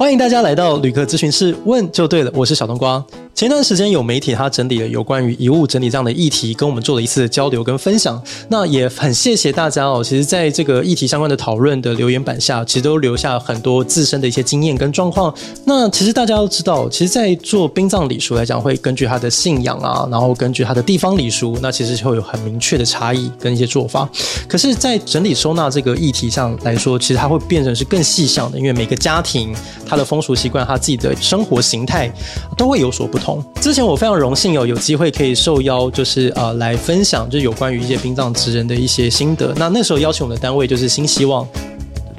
歡迎大家來到旅客諮詢室，問就對了，我是小冬瓜。前段時間有媒體他整理了有關於遺物整理這樣的議題，跟我們做了一次的交流跟分享。那也很謝謝大家哦。其實，在這個議題相關的討論的留言板下，其實都留下很多自身的一些經驗跟狀況。那其實大家都知道，其實，在做殯葬禮俗來講，會根據他的信仰啊，然後根據他的地方禮俗，那其實就會有很明確的差異跟一些做法。可是，在整理收納這個議題上來說，其實它會變成是更細項的，因為每個家庭他的風俗習慣、他自己的生活形態都會有所不同。之前我非常榮幸有有機會可以受邀，就是呃來分享，就是、有關於一些殯葬職人的一些心得。那那時候邀請我們的單位就是心希望，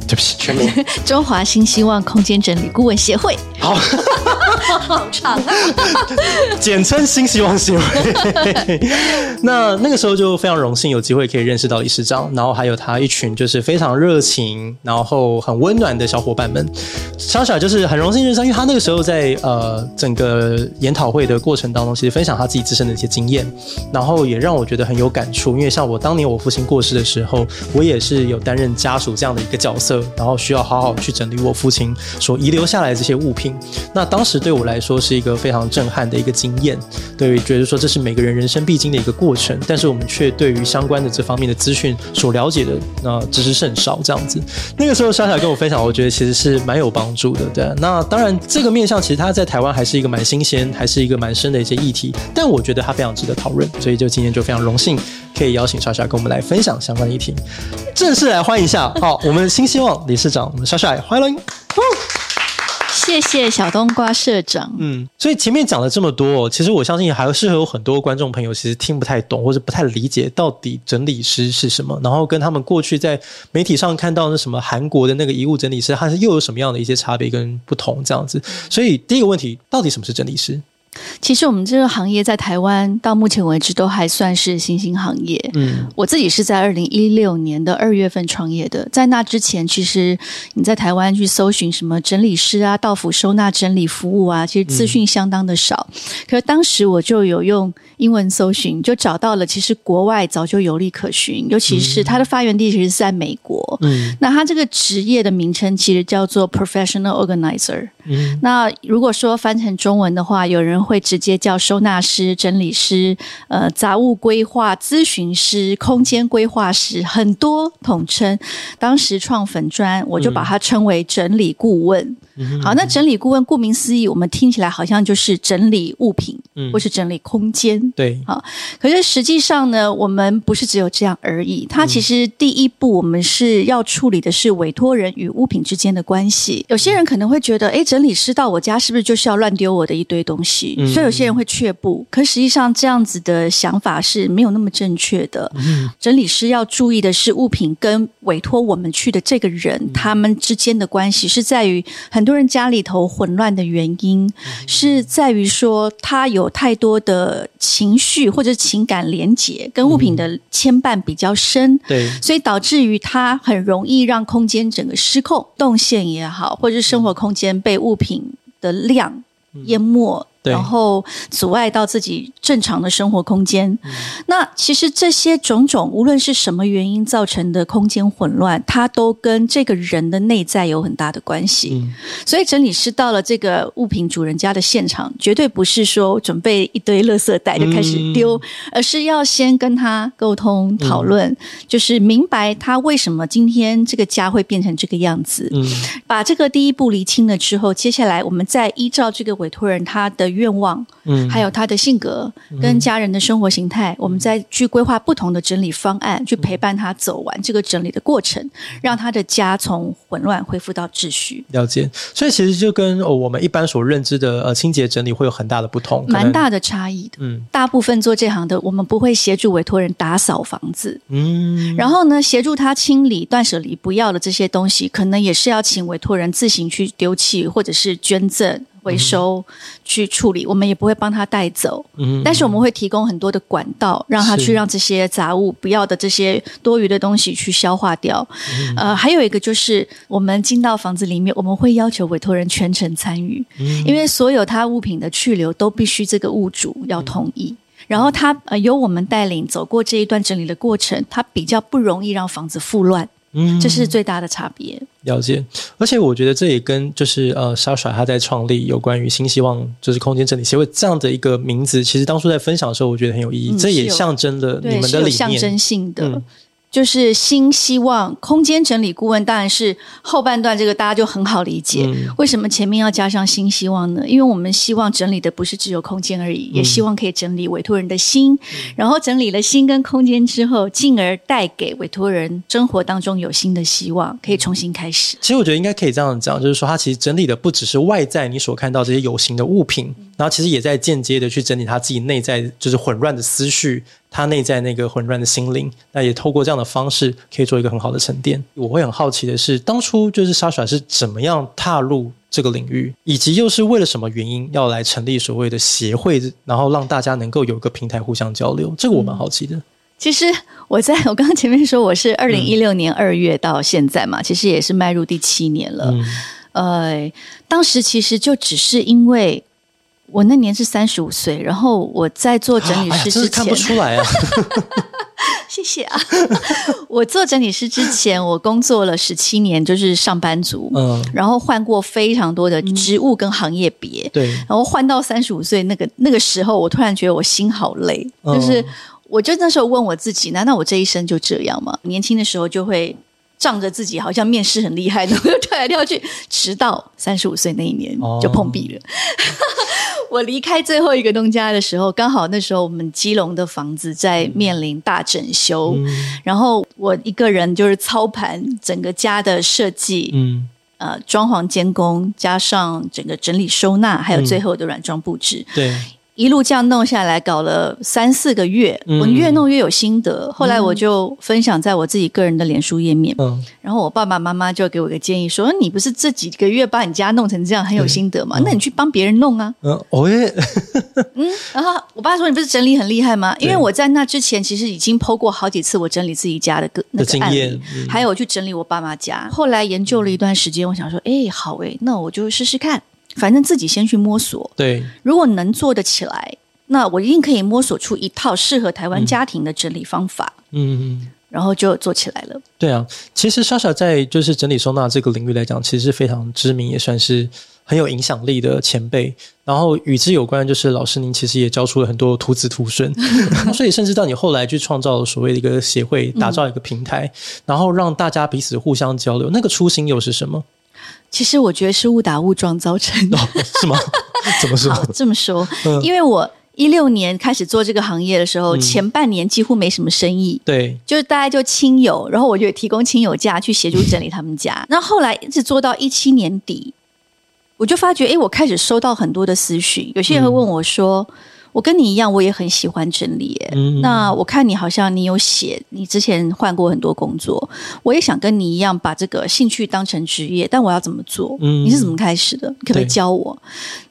對不起，全名中華心希望空間整理顧問協會。好。 好長，簡稱心希望新聞 那那個時候就非常榮幸有機會可以認識到理事長，然後還有他一群就是非常熱情，然後很溫暖的小夥伴們。小小就是很榮幸認識他，因為他那個時候在呃整個研討會的過程當中，其實分享他自己自身的一些經驗，然後也讓我覺得很有感觸。因為像我當年我父親過世的時候，我也是有擔任家屬這樣的一個角色，然後需要好好去整理我父親所遺留下來的這些物品。那當時對。對我來說是一個非常震撼的一個經驗，對，於覺得說這是每個人人生必經的一個過程，但是我們卻對於相關的這方面的資訊所了解的啊、呃，知識甚少這樣子。那個時候，蒔蒔跟我分享，我覺得其實是蠻有幫助的。對、啊，那當然這個面向其實他在台灣還是一個蠻新鮮，還是一個蠻深的一些議題，但我覺得他非常值得討論。所以就今天就非常榮幸可以邀請蒔蒔跟我們來分享相關議題，正式來歡迎一下。 好，我們的心希望理事長，我們蒔蒔歡迎歡迎。嗯謝謝小冬瓜社長。嗯，所以前面講了這麼多、哦，其實我相信還是會有很多觀眾朋友，其實聽不太懂或者不太理解到底整理師是什麼，然後跟他們過去在媒體上看到那什麼韓國的那個遺物整理師，還是又有什麼樣的一些差別跟不同這樣子。所以第一個問題，到底什麼是整理師？其實我們這個行業在台灣到目前為止都還算是新興行業。嗯，我自己是在二零一六年的二月份創業的。在那之前，其實你在台灣去搜尋什麼整理師啊、到府收納整理服務啊，其實資訊相當的少。嗯、可是當時我就有用英文搜尋，就找到了。其實國外早就有例可循，尤其是它的發源地其實是在美國。嗯，那它這個職業的名稱其實叫做 professional organizer。嗯，那如果說翻成中文的話，有人。.會直接叫收納師、整理師、呃，雜物規劃諮詢師、空間規劃師，很多統稱。當時創粉專，我就把它稱為整理顧問。嗯。好，那整理顧問顧名思義，我們聽起來好像就是整理物品，嗯、或是整理空間，對，好，可是實際上呢，我們不是只有這樣而已。它其實第一步，我們是要處理的是委託人與物品之間的關係。有些人可能會覺得，哎，整理師到我家是不是就是要亂丟我的一堆東西？嗯、所以有些人會卻步。可實際上，這樣子的想法是沒有那麼正確的，嗯。整理師要注意的是，物品跟委託我們去的這個人他們之間的關係是在於很。很多人家裡頭混亂的原因是在於說，他有太多的情緒或者情感連結，跟物品的牽絆比較深，嗯、對，所以導致於他很容易讓空間整個失控，動線也好，或者是生活空間被物品的量淹沒。嗯然後阻礙到自己正常的生活空間。那其實這些種種，無論是什麼原因造成的空間混亂，它都跟這個人的內在有很大的關係。嗯、所以整理師到了這個物品主人家的現場，絕對不是說準備一堆垃圾袋就開始丟、嗯，而是要先跟他溝通討論、嗯，就是明白他為什麼今天這個家會變成這個樣子、嗯。把這個第一步釐清了之後，接下來我們再依照這個委托人他的願望，嗯，還有他的性格跟家人的生活形態，嗯，我們再去規劃不同的整理方案，嗯，去陪伴他走完這個整理的過程，嗯，讓他的家從混亂恢復到秩序。了解，所以其實就跟，哦，我們一般所認知的呃清潔整理會有很大的不同，蠻大的差異的。嗯，大部分做這行的，我們不會協助委托人打掃房子，嗯，然後呢，協助他清理斷捨離不要的這些東西，可能也是要請委托人自行去丟棄或者是捐贈。回收、嗯、去處理，我們也不會幫他帶走、嗯。但是我們會提供很多的管道，嗯、讓他去讓這些雜物不要的這些多餘的東西去消化掉、嗯。呃，還有一個就是，我們進到房子裡面，我們會要求委托人全程參與、嗯，因為所有他物品的去留都必須這個物主要同意。嗯、然後他呃由我們帶領走過這一段整理的過程，他比較不容易讓房子復亂。嗯，這，就是最大的差別。了解，而且我覺得這也跟就是呃，莎莎她在創立有關於心希望就是空間整理協會這樣的一個名字，其實當初在分享的時候，我覺得很有意義。嗯、這也象徵了你們的理念，對，是象徵性的。嗯就是心希望空間整理顧問，當然是後半段這個大家就很好理解。嗯、為什麼前面要加上心希望呢？因為我們希望整理的不是只有空間而已，嗯、也希望可以整理委托人的心。嗯、然後整理了心跟空間之後、嗯，進而帶給委托人生活當中有新的希望，可以重新開始。其實我覺得應該可以這樣講，就是說它其實整理的不只是外在你所看到這些有形的物品、嗯，然後其實也在間接的去整理他自己內在就是混亂的思緒。他內在那個混亂的心靈，那也透過這樣的方式可以做一個很好的沉澱。我會很好奇的是，當初就是 Sasha 是怎麼樣踏入這個領域，以及又是為了什麼原因要來成立所謂的協會，然後讓大家能夠有一個平台互相交流。這個我蠻好奇的。嗯，其實我在我剛剛前面說，我是二零一六年二月到現在嘛，嗯，其實也是邁入第七年了。嗯，呃，當時其實就只是因為。我那年是三十五歲，然後我在做整理師之前，啊哎、看不出來啊。 謝謝啊， 我做整理師之前，我工作了十七年，就是上班族、嗯。然後換過非常多的職務跟行業別。嗯、然後換到三十五歲那個那個時候，我突然覺得我心好累、嗯，就是我就那時候問我自己：難道我這一生就這樣嗎？年輕的時候就會。仗着自己好像面試很厲害的，然後又跳來跳去，直到三十五歲那一年就碰壁了。哦、 我離開最後一個東家的時候，剛好那時候我們基隆的房子在面臨大整修、嗯，然後我一個人就是操盤整個家的設計，嗯，呃，裝潢監工，加上整個整理收納，還有最後的軟裝布置，嗯、對。一路這樣弄下來，搞了三四個月，我越弄越有心得。嗯。後來我就分享在我自己個人的臉書頁面，嗯、然後我爸爸媽媽就給我一個建議，說：“你不是這幾個月把你家弄成這樣很有心得嗎？嗯、那你去幫別人弄啊。”嗯，我、哦、嗯， 然後我爸說：“你不是整理很厲害嗎？”因為我在那之前其實已經 po 過好幾次，我整理自己家的個的經驗那個案例、嗯，還有去整理我爸媽家。後來研究了一段時間，嗯、我想說：“哎，好哎，那我就試試看。”反正自己先去摸索，對，如果能做得起來，那我一定可以摸索出一套適合台灣家庭的整理方法，嗯嗯，然後就做起來了。對啊，其實莎莎在就是整理收納這個領域來講，其實是非常知名，也算是很有影響力的前輩。然後與之有關，就是老師您其實也教出了很多徒子徒孫， 所以甚至到你後來去創造了所謂的一個協會，打造一個平台，嗯，然後讓大家彼此互相交流，那個初心又是什麼？其實我覺得是誤打誤撞造成，的、哦、是嗎？ 怎麼是這麼說，因為我一六年開始做這個行業的時候、嗯，前半年幾乎沒什麼生意，對，就是大概就親友，然後我就提供親友價去協助整理他們家，那後，後來一直做到一七年底，我就發覺，哎，我開始收到很多的私訊，有些人會問我說，嗯我跟你一樣，我也很喜歡整理，欸嗯。那我看你好像你有寫，你之前換過很多工作，我也想跟你一樣把這個興趣當成職業，但我要怎麼做？你是怎麼開始的？嗯、可不可以教我？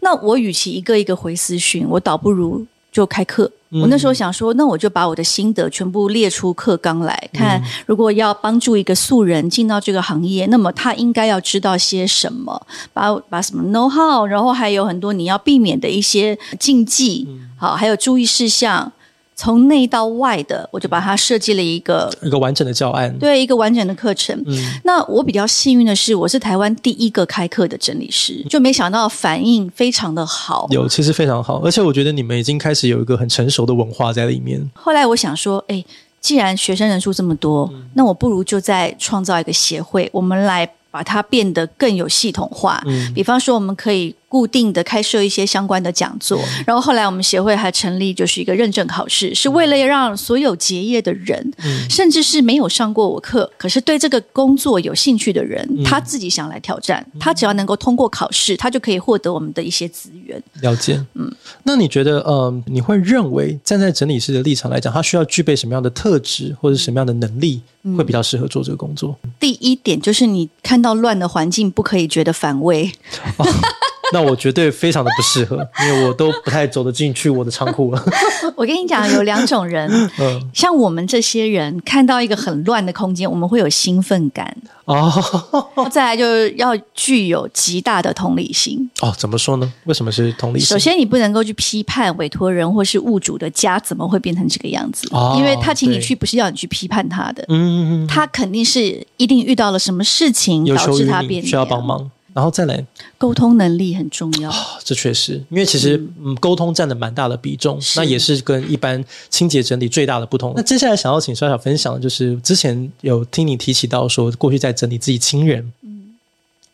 那我與其一個一個回私訊，我倒不如。就開課，我那時候想說，那我就把我的心得全部列出課綱來，看如果要幫助一個素人進到這個行業，那麼他應該要知道些什麼，把把什麼 know how，然後還有很多你要避免的一些禁忌，好，還有注意事項。從內到外的，我就把它設計了一個一個完整的教案，對一個完整的課程，嗯。那我比較幸運的是，我是台灣第一個開課的整理師，嗯，就沒想到反應非常的好。有，其實非常好，而且我覺得你們已經開始有一個很成熟的文化在裡面。後來我想說，哎，既然學生人數這麼多，嗯，那我不如就再創造一個協會，我們來把它變得更有系統化。嗯，比方說，我們可以。固定的開設一些相關的講座、嗯，然後後來我們協會還成立就是一個認證考試，嗯、是為了讓所有結業的人、嗯，甚至是沒有上過我課，可是對這個工作有興趣的人，嗯、他自己想來挑戰、嗯，他只要能夠通過考試、嗯，他就可以獲得我們的一些資源。了解，嗯，那你覺得，嗯、呃，你會認為站在整理師的立場來講，他需要具備什麼樣的特質或者什麼樣的能力、嗯，會比較適合做這個工作？第一點就是，你看到亂的環境不可以覺得反胃。哦 那我絕對非常的不適合，因為我都不太走得進去我的倉庫了。 我跟你講，有兩種人啊，嗯，像我們這些人，看到一個很亂的空間，我們會有興奮感哦。再來就是要具有極大的同理心哦。怎麼說呢？為什麼是同理心？首先，你不能夠去批判委託人或是物主的家怎麼會變成這個樣子，哦，因為他請你去，不是要你去批判他的，嗯嗯嗯，他肯定是一定遇到了什麼事情導致有求於你，他變需要幫忙。然後再來，溝通能力很重要、哦。這確實，因為其實嗯，溝通占了蠻大的比重，那也是跟一般清潔整理最大的不同的。那接下來想要請小小分享，的就是之前有聽你提起到說，過去在整理自己親人，嗯，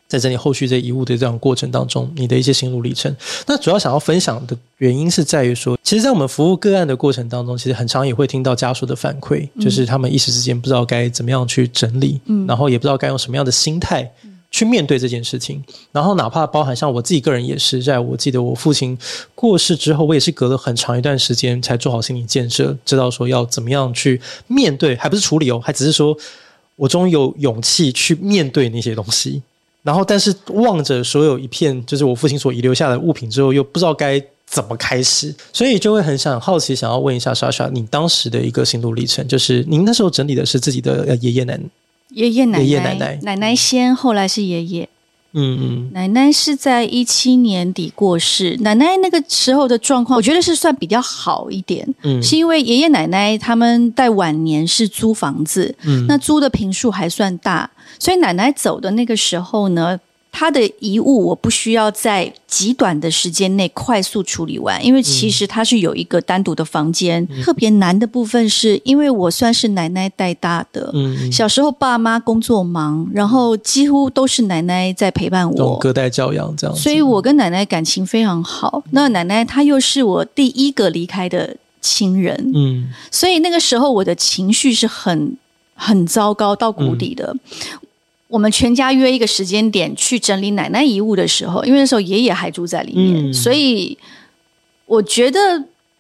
在整理後續這遺物的這樣過程當中、嗯，你的一些心路歷程。那主要想要分享的原因是在於說，其實，在我們服務個案的過程當中，其實很常也會聽到家屬的反饋、嗯，就是他們一時之間不知道該怎麼樣去整理，嗯，然後也不知道該用什麼樣的心態。嗯去面對這件事情，然後哪怕包含像我自己個人也是，在我記得我父親過世之後，我也是隔了很長一段時間才做好心理建設，知道說要怎麼樣去面對，還不是處理哦，還只是說我終於有勇氣去面對那些東西。然後，但是望着所有一片就是我父親所遺留下的物品之後，又不知道該怎麼開始，所以就會很想好奇，想要問一下莎莎，你當時的一個心路歷程，就是您那時候整理的是自己的爺爺奶奶。爺爺奶奶，爺爺奶奶，奶奶先，後來是爺爺。嗯嗯，奶奶是在一七年底過世。奶奶那個時候的狀況，我覺得是算比較好一點，嗯。是因為爺爺奶奶他們在晚年是租房子，嗯，那租的坪數還算大，所以奶奶走的那個時候呢。他的遺物，我不需要在極短的時間內快速處理完，因為其實他是有一個單獨的房間，嗯。特別難的部分是因為我算是奶奶帶大的，嗯，小時候爸媽工作忙，然後幾乎都是奶奶在陪伴我。隔代教養這樣子。所以我跟奶奶感情非常好。那奶奶她又是我第一個離開的親人，嗯，所以那個時候我的情緒是很很糟糕到谷底的。嗯。我們全家約一個時間點去整理奶奶遺物的時候，因為那時候爺爺還住在裡面，嗯、所以我覺得，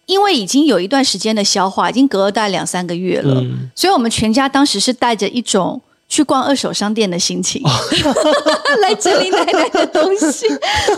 因為已經有一段時間的消化，已經隔了大概兩三個月了，嗯、所以我們全家當時是帶着一種去逛二手商店的心情，哦、 來整理奶奶的東西。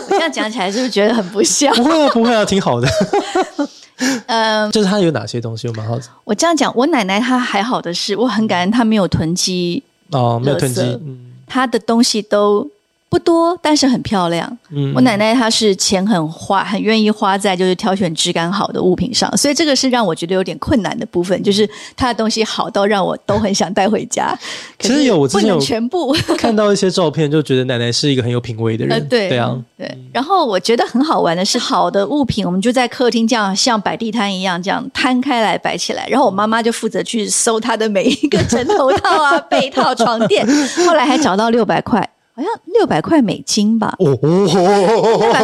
我這樣講起來是不是覺得很不孝？不會、啊、不會啊，挺好的。 嗯，就是他有哪些東西，我蠻好奇。我這樣講，我奶奶她還好的是，我很感恩她沒有囤積。哦，沒有囤積，他、嗯、的東西都不多，但是很漂亮、嗯。我奶奶她是錢很花，很願意花在就是挑選質感好的物品上，所以這個是讓我覺得有點困難的部分，就是她的東西好到讓我都很想帶回家。可是其實有我之前全部看到一些照片，就覺得奶奶是一個很有品味的人、嗯。對，對啊，對。然後我覺得很好玩的是，好的物品我們就在客廳這樣像擺地攤一樣這樣攤開來擺起來，然後我媽媽就負責去搜她的每一個枕頭套啊、被 套、床墊，後來還找到六百塊。好像六百塊美金吧，六百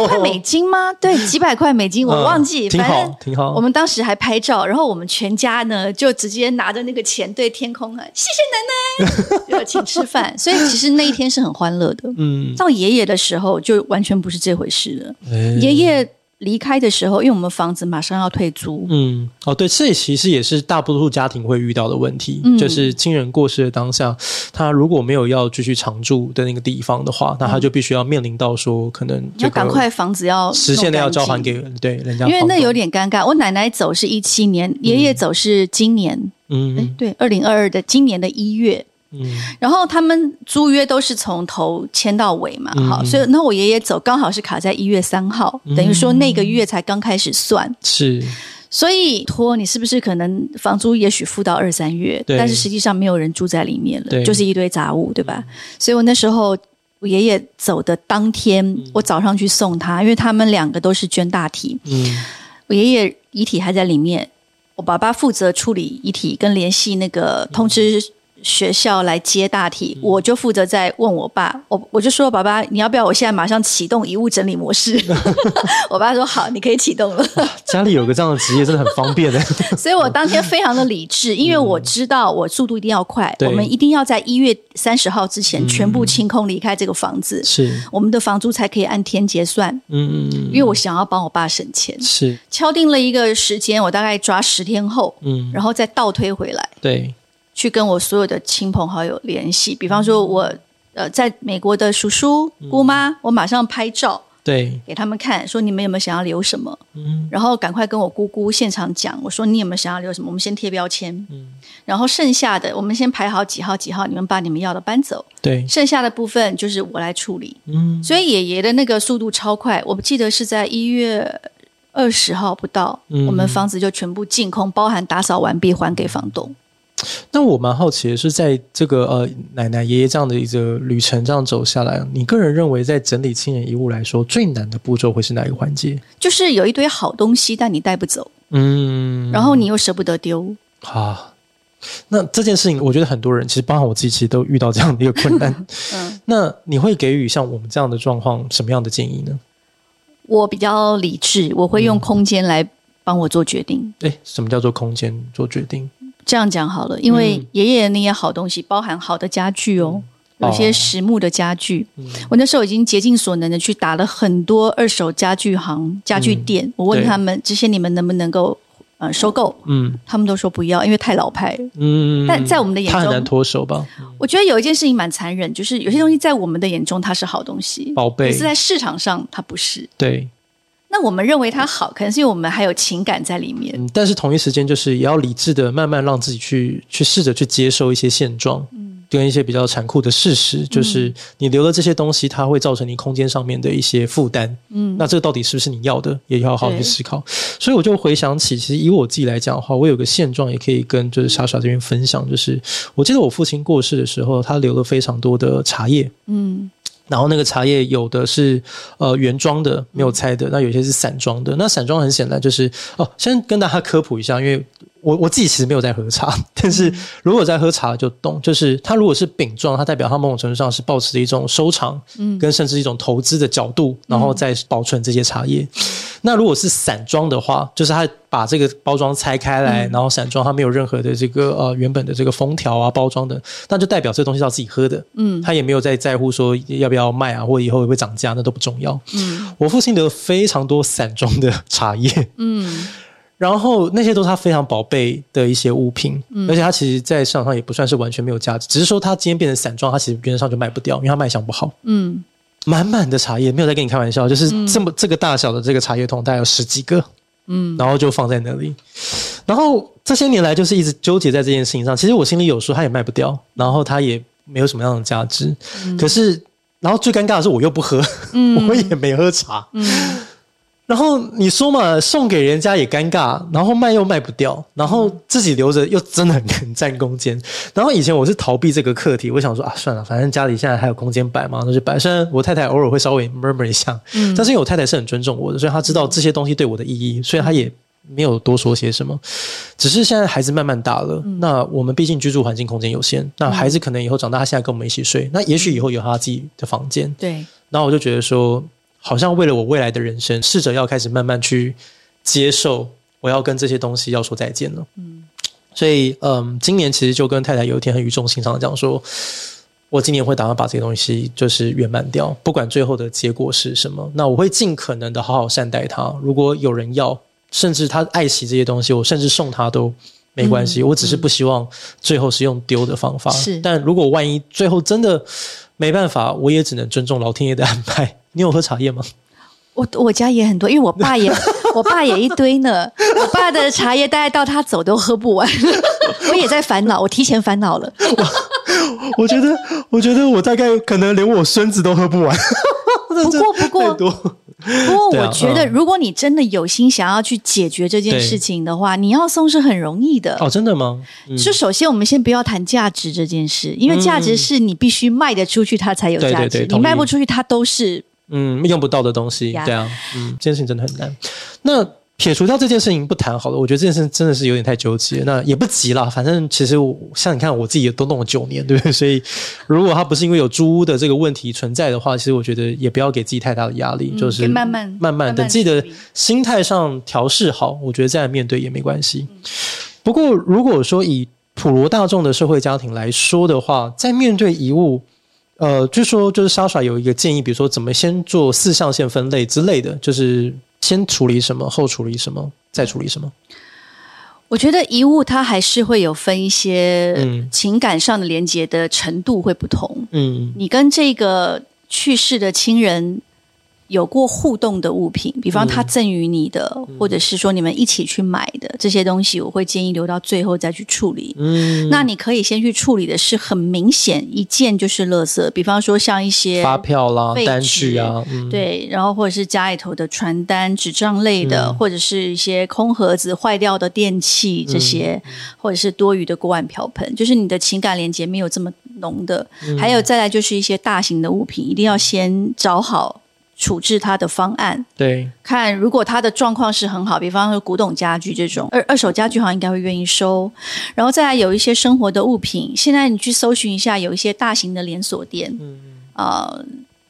塊美金嗎？對，幾百塊美金我忘記，反正挺好。挺好，我們當時還拍照，然後我們全家呢就直接拿着那個錢對天空喊：“謝謝奶奶， 請吃飯。”所以其實那一天是很歡樂的。嗯，到 爺爺的時候就完全不是這回事了。 爺爺。離開的時候，因為我們房子馬上要退租。嗯，哦，對，這其實也是大多數家庭會遇到的問題，嗯、就是親人過世的當下，他如果沒有要繼續常住的那個地方的話，嗯、那他就必須要面臨到說，可能就趕快房子要實現的要交還給人對人家，因為那有點尷尬。我奶奶走是一七年，爺、嗯、爺走是今年，嗯，嗯，哎、欸，對，二零二二的今年的一月。嗯、然後他們租約都是從頭簽到尾嘛，嗯、好，所以那我爺爺走剛好是卡在一月三號、嗯，等於說那個月才剛開始算，是，所以托你是不是可能房租也許付到二三月，但是實際上沒有人住在裡面了，就是一堆雜物，對吧？嗯、所以我那時候我爺爺走的當天、嗯，我早上去送他，因為他們兩個都是捐大體，嗯，我爺爺遺體還在裡面，我爸爸負責處理遺體跟聯繫那個通知、嗯。學校來接大體，嗯、我就負責在問我爸，我我就說爸爸，你要不要我現在馬上啟動遺物整理模式？ 我爸說好，你可以啟動了。家裡有個這樣的職業真的很方便的，所以我當天非常的理智，因為我知道我速度一定要快，嗯、我們一定要在一月三十號之前全部清空離開這個房子，嗯、是我們的房租才可以按天結算。嗯嗯，因為我想要幫我爸省錢，是敲定了一個時間，我大概抓十天後，嗯，然後再倒推回來，對。去跟我所有的親朋好友聯繫，比方說我呃在美國的叔叔、嗯、姑媽，我馬上拍照，對，給他們看，說你們有沒有想要留什麼，嗯，然後趕快跟我姑姑現場講，我說你有沒有想要留什麼，我們先貼標籤，嗯，然後剩下的我們先排好幾號幾號，你們把你們要的搬走，對，剩下的部分就是我來處理，嗯，所以爺爺的那個速度超快，我不記得是在一月二十號不到，嗯，我們房子就全部淨空，包含打掃完畢還給房東。那我蠻好奇的是，在這個呃奶奶爺爺這樣的一個旅程這樣走下來，你個人認為，在整理親人遺物來說，最難的步驟會是哪一個環節？就是有一堆好東西，但你帶不走，嗯，然後你又捨不得丟啊。那這件事情，我覺得很多人其實包括我自己，其實都遇到這樣的一個困難。 嗯，那你會給予像我們這樣的狀況什麼樣的建議呢？我比較理智，我會用空間來幫我做決定。哎、嗯，什麼叫做空間做決定？這樣講好了，因為爺爺那些好東西、嗯、包含好的家具哦，嗯、哦有些實木的家具、嗯。我那時候已經竭盡所能的去打了很多二手家具行、嗯、家具店，我問他們這些你們能不能夠呃收購？嗯，他們都說不要，因為太老派。嗯，但在我們的眼中，太難脫手吧？我覺得有一件事情蠻殘忍，就是有些東西在我們的眼中它是好東西，寶貝，可是在市場上它不是。對。那我們認為它好，可能是因為我們還有情感在裡面。嗯、但是同一時間就是也要理智的，慢慢讓自己去去試着去接受一些現狀，嗯、跟一些比較殘酷的事實、嗯，就是你留了這些東西，它會造成你空間上面的一些負擔。嗯，那這個到底是不是你要的，也要好好去思考。所以我就回想起，其實以我自己來講的話，我有個現狀也可以跟就是莎莎這邊分享，就是我記得我父親過世的時候，他留了非常多的茶葉。嗯。然後那個茶葉有的是呃原裝的，沒有拆的，那有些是散裝的。那散裝很顯然就是哦，先跟大家科普一下，因為。我我自己其實沒有在喝茶，但是如果在喝茶就懂，就是它如果是餅裝，它代表它某種程度上是保持着一種收藏，嗯，跟甚至一種投資的角度、嗯，然後再保存這些茶葉。那如果是散裝的話，就是它把這個包裝拆開來，嗯、然後散裝，它沒有任何的這個呃原本的這個封條啊、包裝的，那就代表這東西是要自己喝的，嗯，他也沒有在在乎說要不要賣啊，或者以後會不會漲價，那都不重要。嗯，我父親留了非常多散裝的茶葉，嗯。然後那些都是他非常寶貝的一些物品、嗯，而且他其實在市場上也不算是完全沒有價值，只是說他今天變成散裝，他其實原則上就賣不掉，因為他賣相不好，嗯，滿滿的茶葉沒有在跟你開玩笑，就是這麼、嗯、這個大小的這個茶葉桶大概有十幾個，嗯，然後就放在那裡，然後這些年來就是一直糾結在這件事情上，其實我心裡有數，他也賣不掉，然後他也沒有什麼樣的價值，嗯、可是，然後最尷尬的是我又不喝，嗯、 我也沒喝茶。嗯嗯。然後你說嘛，送給人家也尷尬，然後賣又賣不掉，然後自己留着又真的很占空間。然後以前我是逃避這個課題，我想說啊，算了，反正家裡現在還有空間擺嘛，那就擺。雖然我太太偶爾會稍微 murmur 一下，嗯，但是因為我太太是很尊重我的，所以她知道這些東西對我的意義，所以她也沒有多說些什麼。只是現在孩子慢慢大了，那我們畢竟居住環境空間有限，那孩子可能以後長大，他現在跟我們一起睡，那也許以後有他自己的房間。對，然後我就覺得說。好像為了我未來的人生，試着要開始慢慢去接受，我要跟這些東西要說再見了。嗯，所以嗯，今年其實就跟太太有一天很語重心長的講說，我今年會打算把這些東西就是圓滿掉，不管最後的結果是什麼，那我會盡可能的好好善待他。如果有人要，甚至他愛惜這些東西，我甚至送他都沒關係。嗯。我只是不希望最後是用丟的方法。是，但如果萬一最後真的沒辦法，我也只能尊重老天爺的安排。你有喝茶葉嗎？我我家也很多，因為我爸也， 我爸也一堆呢。我爸的茶葉大概到他走都喝不完， 我也在煩惱，我提前煩惱了 我。我覺得，我覺得我大概可能連我孫子都喝不完。 不過不過， 不過，不過，我覺得，如果你真的有心想要去解決這件事情的話，啊嗯、你要送是很容易的。哦，真的嗎？是、嗯，就首先我們先不要談價值這件事，因為價值是你必須賣得出去，它才有價值；對對對，你賣不出去，它都是。嗯，用不到的東西，yeah. 對啊，嗯，這件事情真的很難。那撇除掉這件事情不談好了，我覺得這件事情真的是有點太糾結，嗯。那也不急啦，反正其實我像你看，我自己也都弄了九年，對不對？所以如果他不是因為有租屋的這個問題存在的話，其實我覺得也不要給自己太大的壓力，就是慢慢，嗯，慢慢等自己的心態上調適好，嗯，我覺得這樣面對也沒關係，嗯。不過如果說以普羅大眾的社會家庭來說的話，在面對遺物。呃，據說就是莎莎有一個建議，比如說怎麼先做四象限分類之類的，就是先處理什麼，後處理什麼，再處理什麼。我覺得遺物它還是會有分一些，嗯，情感上的連接的程度會不同，嗯，你跟這個去世的親人，有過互動的物品，比方他贈予你的、嗯，或者是說你們一起去買的、嗯、這些東西，我會建議留到最後再去處理。嗯，那你可以先去處理的是很明顯一件就是垃圾，比方說像一些發票啦、單據啊、嗯，對，然後或者是家裡頭的傳單、紙張類的、嗯，或者是一些空盒子、壞掉的電器這些、嗯，或者是多餘的鍋碗瓢盆，就是你的情感連接沒有這麼濃的。嗯、還有再來就是一些大型的物品，一定要先找好。處置它的方案，對，看如果它的狀況是很好，比方說古董家具這種，二二手家具好像應該會願意收，然後再來有一些生活的物品。現在你去搜尋一下，有一些大型的連鎖店，嗯，呃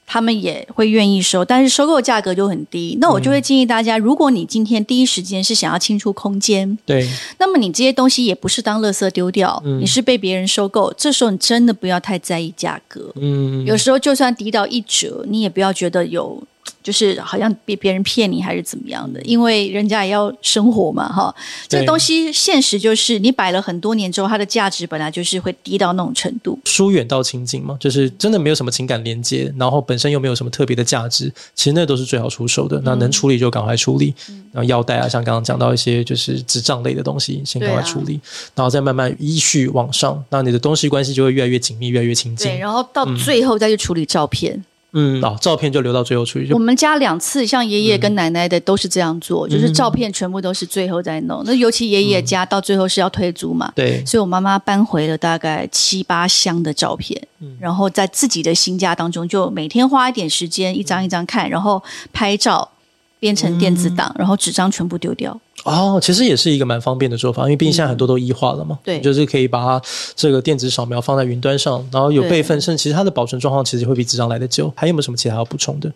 他們也會願意收，但是收購價格就很低。那我就會建議大家，嗯、如果你今天第一時間是想要清出空間，對，那麼你這些東西也不是當垃圾丟掉，嗯，你是被別人收購。這時候你真的不要太在意價格，嗯，有時候就算低到一折，你也不要覺得有。就是好像被別人騙你還是怎麼樣的，因為人家也要生活嘛，哈。這個東西現實就是，你擺了很多年之後，它的價值本來就是會低到那種程度，疏遠到親近嘛，就是真的沒有什麼情感連接，然後本身又沒有什麼特別的價值，其實那都是最好出手的。嗯、那能處理就趕快處理，嗯、然後腰帶啊，像剛剛講到一些就是紙張類的東西，先趕快處理、啊，然後再慢慢依序往上。那你的東西關係就會越來越緊密，越來越親近。然後到最後再去處理照片。嗯嗯嗯、哦，照片就留到最後出去。我們家兩次像爺爺跟奶奶的都是這樣做、嗯，就是照片全部都是最後再弄、嗯。那尤其爺爺家到最後是要退租嘛、嗯，對，所以我媽媽搬回了大概七八箱的照片，嗯、然後在自己的新家當中，就每天花一點時間一張一張看，嗯、然後拍照變成電子檔、嗯，然後紙張全部丟掉。哦，其實也是一個蠻方便的做法，因為畢竟現在很多都 e 化了嘛。嗯、對，就是可以把它這個電子掃描放在雲端上，然後有備份，甚至其實它的保存狀況其實會比紙張來得久。還有沒有什麼其他要補充的？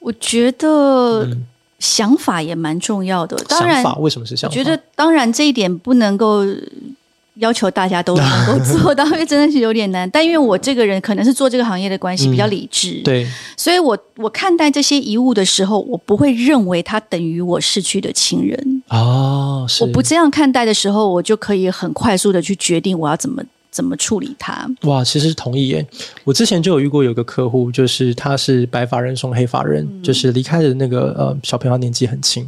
我覺得想法也蠻重要的。嗯、當然想法為什麼是想法？我覺得當然這一點不能夠。要求大家都能夠做到， 因為真的是有點難。但因為我這個人可能是做這個行業的關係，嗯，比較理智，對，所以我我看待這些遺物的時候，我不會認為它等於我逝去的親人哦，是。我不這樣看待的時候，我就可以很快速的去決定我要怎麼。怎麼處理他？哇，其實是同意耶。我之前就有遇過有個客戶，就是他是白髮人送黑髮人、嗯，就是離開的那個呃小朋友年紀很輕，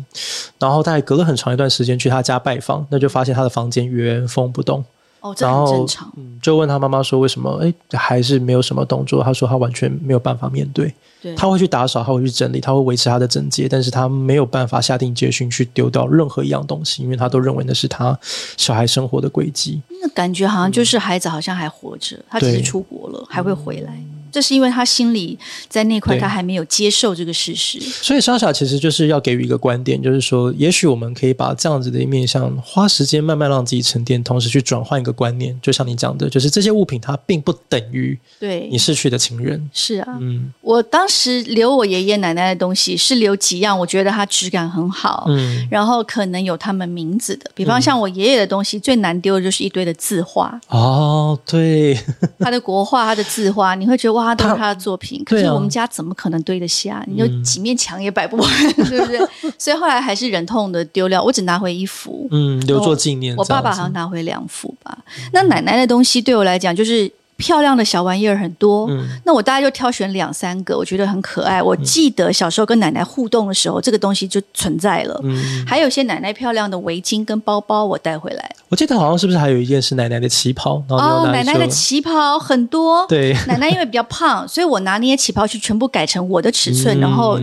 然後大概隔了很長一段時間去他家拜訪，那就發現他的房間原封不動。哦，這很正常。然後，嗯，就問他媽媽說為什麼？哎，還是沒有什麼動作。他說他完全沒有辦法面對。對，他會去打掃，他會去整理，他會維持他的整潔，但是他沒有辦法下定決心去丟掉任何一樣東西，因為他都認為那是他小孩生活的軌跡。那感覺好像就是孩子好像還活着，嗯、他其實出國了，還會回來。嗯這是因為他心裡在那塊，他還沒有接受這個事實。所以莎莎其實就是要給予一個觀點，就是說，也許我們可以把這樣子的一面，像花時間慢慢讓自己沉澱，同時去轉換一個觀念。就像你講的，就是這些物品它並不等於對你逝去的親人。是啊，嗯，我當時留我爺爺奶奶的東西是留幾樣，我覺得它質感很好。嗯，然後可能有他們名字的，比方像我爺爺的東西，嗯、最難丟的就是一堆的字畫。哦，對，他 的國畫，他的字畫，你會覺得哇。發堆他的作品，可是我們家怎麼可能堆得下？嗯、你就幾面牆也擺不完，對、嗯、不對？所以後來還是忍痛的丟掉，我只拿回一幅，嗯，留作紀念。我爸爸好像拿回兩幅吧、嗯。那奶奶的東西對我來講就是。漂亮的小玩意兒很多，嗯、那我大概就挑選兩三個，我覺得很可愛。我記得小時候跟奶奶互動的時候，嗯、這個東西就存在了。嗯、還有些奶奶漂亮的圍巾跟包包，我帶回來。我記得好像是不是還有一件是奶奶的旗袍？哦，奶奶的旗袍很多。對，奶奶因為比較胖，所以我拿那些旗袍去全部改成我的尺寸，嗯、然後。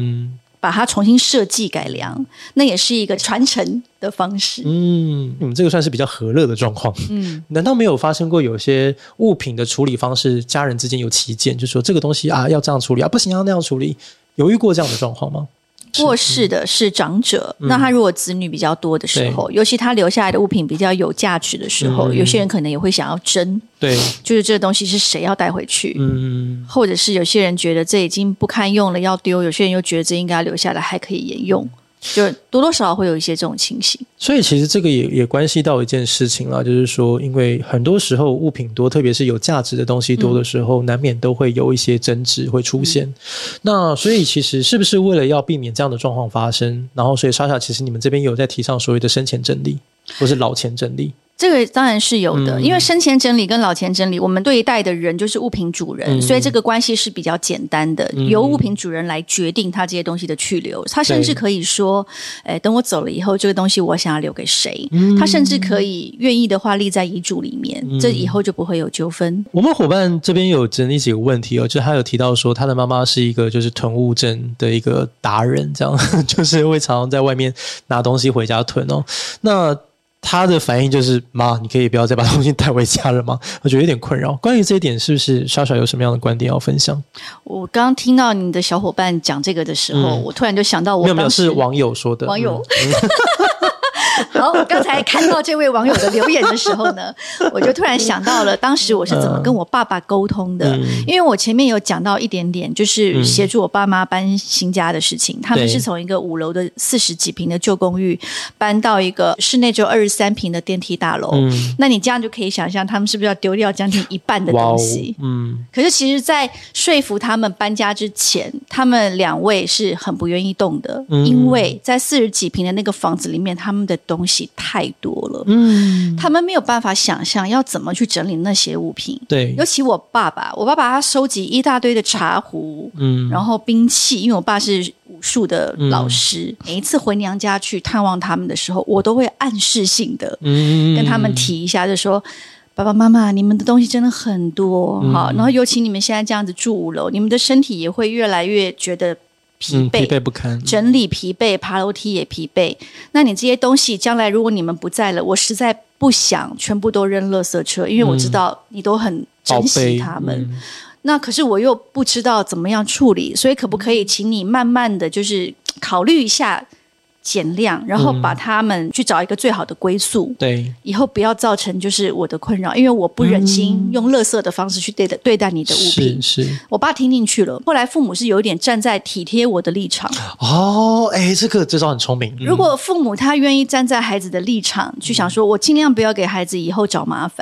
把它重新設計改良，那也是一個傳承的方式。嗯，我們、嗯、這個算是比較和樂的狀況。嗯，難道沒有發生過有些物品的處理方式，家人之間有歧見，就說這個東西啊要這樣處理啊，不行要、啊、那樣處理，有遇過這樣的狀況嗎？ 過世的是長者、嗯，那他如果子女比較多的時候，尤其他留下來的物品比較有價值的時候、嗯，有些人可能也會想要爭，對，就是這個東西是誰要帶回去，嗯、或者是有些人覺得這已經不堪用了要丟，有些人又覺得這應該留下來還可以沿用。嗯就是多多少少會有一些這種情形，所以其實這個也也關係到一件事情啦。就是說，因為很多時候物品多，特別是有價值的東西多的時候，嗯、難免都會有一些爭執會出現、嗯。那所以其實是不是為了要避免這樣的狀況發生，然後所以莎莎，其實你們這邊有在提倡所謂的生前整理或是老前整理？嗯這個當然是有的、嗯，因為生前整理跟老前整理，我們對待的人就是物品主人、嗯，所以這個關係是比較簡單的，由物品主人來決定他這些東西的去留。嗯、他甚至可以說，哎，等我走了以後，這個東西我想要留給誰？嗯、他甚至可以願意的話，立在遺囑裡面、嗯，這以後就不會有糾紛。我們夥伴這邊有整理幾個問題哦，就是、他有提到說，他的媽媽是一個就是囤物症的一個達人，這樣就是會常常在外面拿東西回家囤哦。嗯、那他的反應就是媽，你可以不要再把東西帶回家了嗎？我覺得有點困擾。關於這一點，是不是莎莎有什麼樣的觀點要分享？我剛聽到你的小伙伴講這個的時候，嗯、我突然就想到我，我沒，沒有，沒有是網友說的，網友。嗯 好，我剛才看到這位網友的留言的時候呢， 我就突然想到了當時我是怎麼跟我爸爸溝通的。嗯、因為我前面有講到一點點，就是協助我爸媽搬新家的事情、嗯。他們是從一個五樓的四十幾坪的舊公寓搬到一個室內只有二十三坪的電梯大樓。嗯、那你這樣就可以想象，他們是不是要丟掉將近一半的東西？嗯。可是其實，在說服他們搬家之前，他們兩位是很不願意動的，嗯、因為在四十幾坪的那個房子裡面，他們的。東西太多了，嗯，他們沒有辦法想象要怎麼去整理那些物品。對，尤其我爸爸，我爸爸他收集一大堆的茶壺，嗯，然後兵器，因為我爸是武術的老師。嗯、每一次回娘家去探望他們的時候，我都會暗示性的，嗯，跟他們提一下，就說、嗯、爸爸媽媽，你們的東西真的很多，哈、嗯，然後尤其你們現在這樣子住五樓，你們的身體也會越來越覺得。疲憊，嗯、疲憊不堪。整理疲憊，爬樓梯也疲憊。那你這些東西，將來如果你們不在了，我實在不想全部都扔垃圾車，因為我知道你都很珍惜他們、嗯嗯。那可是我又不知道怎麼樣處理，所以可不可以請你慢慢的就是考慮一下？減量，然後把他們去找一個最好的歸宿、嗯。對，以後不要造成就是我的困擾，因為我不忍心、嗯、用垃圾的方式去對待對待你的物品是。是，我爸聽進去了。後來父母是有點站在體貼我的立場。哦，哎，這個至少很聰明、嗯。如果父母他願意站在孩子的立場去想，說我儘量不要給孩子以後找麻煩，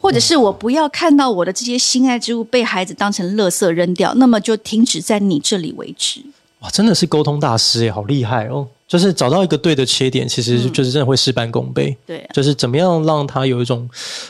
或者是我不要看到我的這些心愛之物被孩子當成垃圾扔掉，那麼就停止在你這裡為止。哇，真的是溝通大師耶，好厲害哦！就是找到一個對的切點，其實就是真的會事半功倍。嗯、對、啊，就是怎麼樣讓他有一種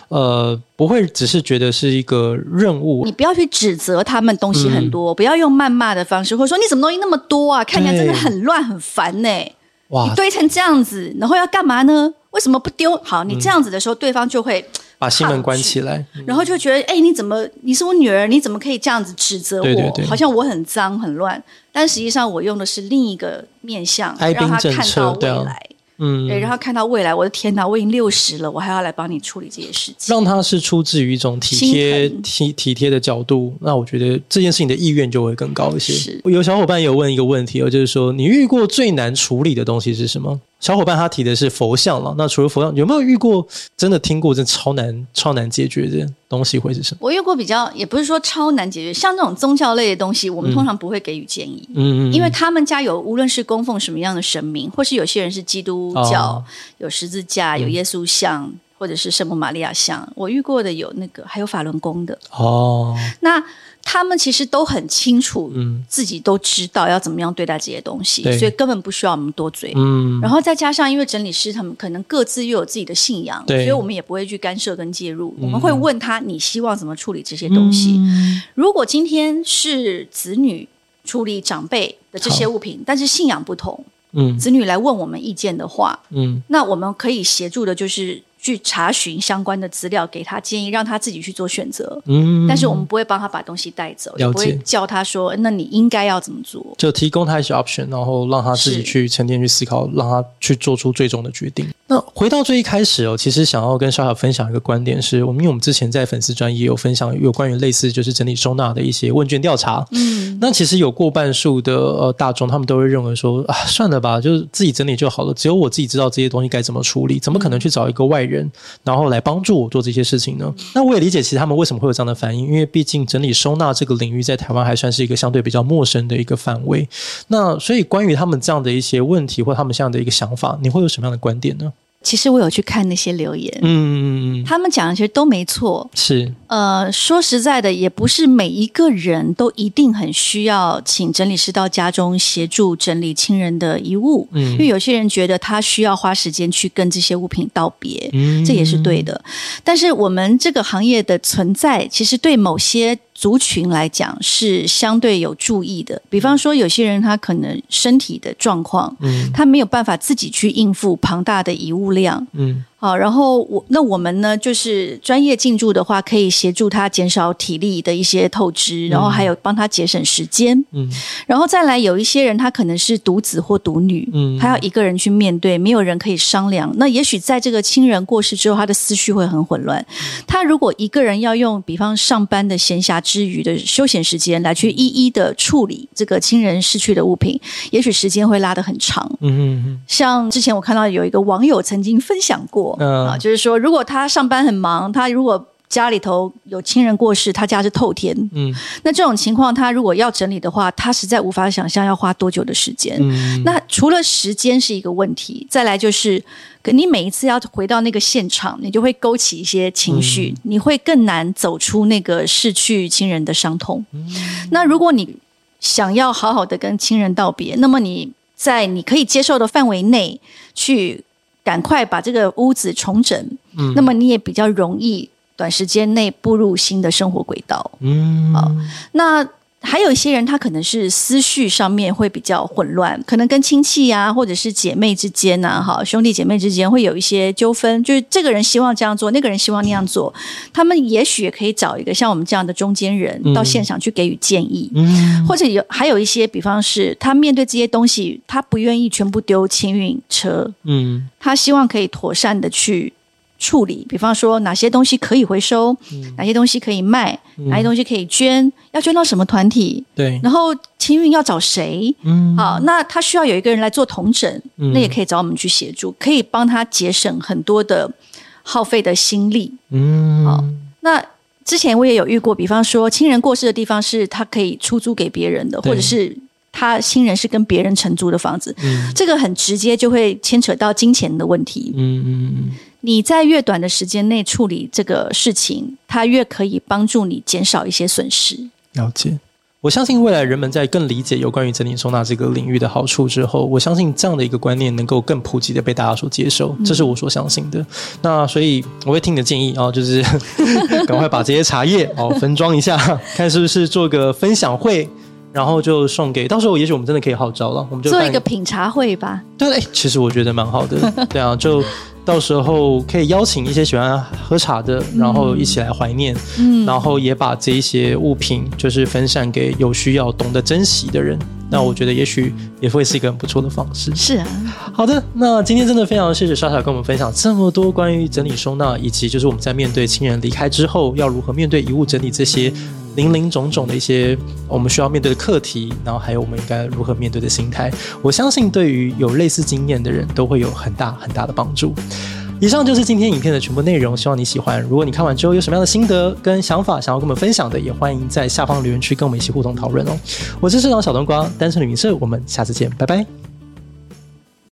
呃，不會只是覺得是一個任務。你不要去指責他們東西很多，嗯、不要用謾罵的方式，或者說你怎麼東西那麼多啊？看起來真的很亂很煩呢。哇，你堆成這樣子，然後要干嘛呢？為什麼不丟？好，你這樣子的時候，嗯、對方就會。把心門關起來，然後就覺得，哎、欸，你怎麼？你是我女兒，你怎麼可以這樣子指責我？對對對，好像我很髒很亂。但實際上，我用的是另一個面向，讓他看到未來。啊、嗯，對，然後看到未來，我的天哪，我已經六十了，我還要來幫你處理這些事情。讓他是出自於一種體貼、體體貼的角度，那我覺得這件事情的意願就會更高一些。有小伙伴有問一個問題哦，就是說，你遇過最難處理的東西是什麼？小夥伴他提的是佛像了，那除了佛像，有沒有遇過真的聽過這超難超難解決的東西會是什麼？我遇過比較也不是說超難解決，像這種宗教類的東西，我們通常不會給予建議，嗯嗯，因為他們家有無論是供奉什麼樣的神明，或是有些人是基督教，哦、有十字架，有耶穌像、嗯，或者是聖母瑪利亞像，我遇過的有那個還有法輪功的哦，那。他們其實都很清楚，自己都知道要怎麼樣對待這些東西，嗯、所以根本不需要我們多嘴。嗯，然後再加上因為整理師他們可能各自又有自己的信仰，所以我們也不會去干涉跟介入。嗯、我們會問他：“你希望怎麼處理這些東西，嗯？”如果今天是子女處理長輩的這些物品，但是信仰不同，嗯，子女來問我們意見的話，嗯，那我們可以協助的就是。去查詢相關的資料，給他建議，讓他自己去做選擇。嗯，但是我們不會幫他把東西帶走，了解，也不會叫他說，那你應該要怎麼做？就提供他一些 option，然後讓他自己去沉澱、去思考，讓他去做出最終的決定。那回到最一開始哦，其實想要跟小小分享一個觀點是，是我們因為我們之前在粉絲專頁有分享有關於類似就是整理收納的一些問卷調查。嗯。那其實有過半數的呃大眾，他們都會認為說啊，算了吧，就是自己整理就好了。只有我自己知道這些東西該怎麼處理，怎麼可能去找一個外人，然後來幫助我做這些事情呢？那我也理解，其實他們為什麼會有這樣的反應，因為畢竟整理收納這個領域在台灣還算是一個相對比較陌生的一個範圍。那所以關於他們這樣的一些問題，或他們這樣的一個想法，你會有什麼樣的觀點呢？其實我有去看那些留言，嗯嗯嗯，他們講的其實都沒錯，是，呃，說實在的，也不是每一個人都一定很需要請整理師到家中協助整理親人的遺物，嗯，因為有些人覺得他需要花時間去跟這些物品道別，嗯，這也是對的，嗯，但是我們這個行業的存在，其實對某些。族群來講是相對有注意的，比方說有些人他可能身體的狀況，嗯，他沒有辦法自己去應付龐大的遺物量。嗯。好，然後我那我們呢，就是專業進駐的話，可以協助他減少體力的一些透支，然後還有幫他節省時間。嗯，然後再來有一些人，他可能是獨子或獨女，嗯，他要一個人去面對，沒有人可以商量。那也許在這個親人過世之後，他的思緒會很混亂。他如果一個人要用，比方上班的閒暇之餘的休閒時間來去一一的處理這個親人失去的物品，也許時間會拉得很長。嗯嗯嗯，像之前我看到有一個網友曾經分享過。嗯，呃啊，就是說，如果他上班很忙，他如果家裡頭有親人過世，他家是透天，嗯，那這種情況，他如果要整理的話，他實在無法想象要花多久的時間。嗯，那除了時間是一個問題，再來就是，可你每一次要回到那個現場，你就會勾起一些情緒，嗯，你會更難走出那個逝去親人的傷痛，嗯。那如果你想要好好的跟親人道別，那麼你在你可以接受的範圍內去。趕快把這個屋子重整，嗯，那麼你也比較容易短時間內步入新的生活軌道。嗯，好，那。還有一些人，他可能是思緒上面會比較混亂，可能跟親戚啊，或者是姐妹之間啊，哈，兄弟姐妹之間會有一些糾紛，就是這個人希望這樣做，那個人希望那樣做，他們也許也可以找一個像我們這樣的中間人到現場去給予建議，嗯，或者有還有一些，比方是他面對這些東西，他不願意全部丟清運車，嗯，他希望可以妥善的去處理，比方說哪些東西可以回收，嗯、哪些東西可以賣、嗯，哪些東西可以捐，要捐到什麼團體？對。然後清運要找誰？嗯。好，那他需要有一個人來做統整、嗯，那也可以找我們去協助，可以幫他節省很多的耗費的心力。嗯。好，那之前我也有遇過，比方說親人過世的地方是他可以出租給別人的，或者是他親人是跟別人承租的房子、嗯，這個很直接就會牽扯到金錢的問題。嗯嗯嗯。你在越短的時間內處理這個事情，它，越可以幫助你減少一些損失。了解。我相信未來人們在更理解有關於整理收納這個領域的好處之後，我相信這樣的一個觀念能夠更普及地被大家所接受，這是我所相信的。嗯、那所以我會聽你的建議啊，就是趕 快把這些茶葉哦分裝一下， 看是不是做個分享會，然後就送給。到時候也許我們真的可以號召了，我們就做一個品茶會吧。對，對，其實我覺得蠻好的。 對啊，就。到時候可以邀請一些喜歡喝茶的，然後一起來懷念，嗯，然後也把這一些物品就是分享給有需要、懂得珍惜的人。那我覺得也許也會是一個很不錯的方式。是啊，好的。那今天真的非常謝謝莎莎跟我們分享這麼多關於整理收納，以及就是我們在面對親人離開之後要如何面對遺物整理這些林林總總的一些我們需要面對的課題，然後還有我們應該如何面對的心態。我相信對於有類似經驗的人都會有很大很大的幫助。以上就是今天影片的全部內容，希望你喜歡。如果你看完之後有什麼樣的心得跟想法，想要跟我們分享的，也歡迎在下方留言區跟我們一起互動討論哦。我是社長小冬瓜，單程旅行社，我們下次見，拜拜。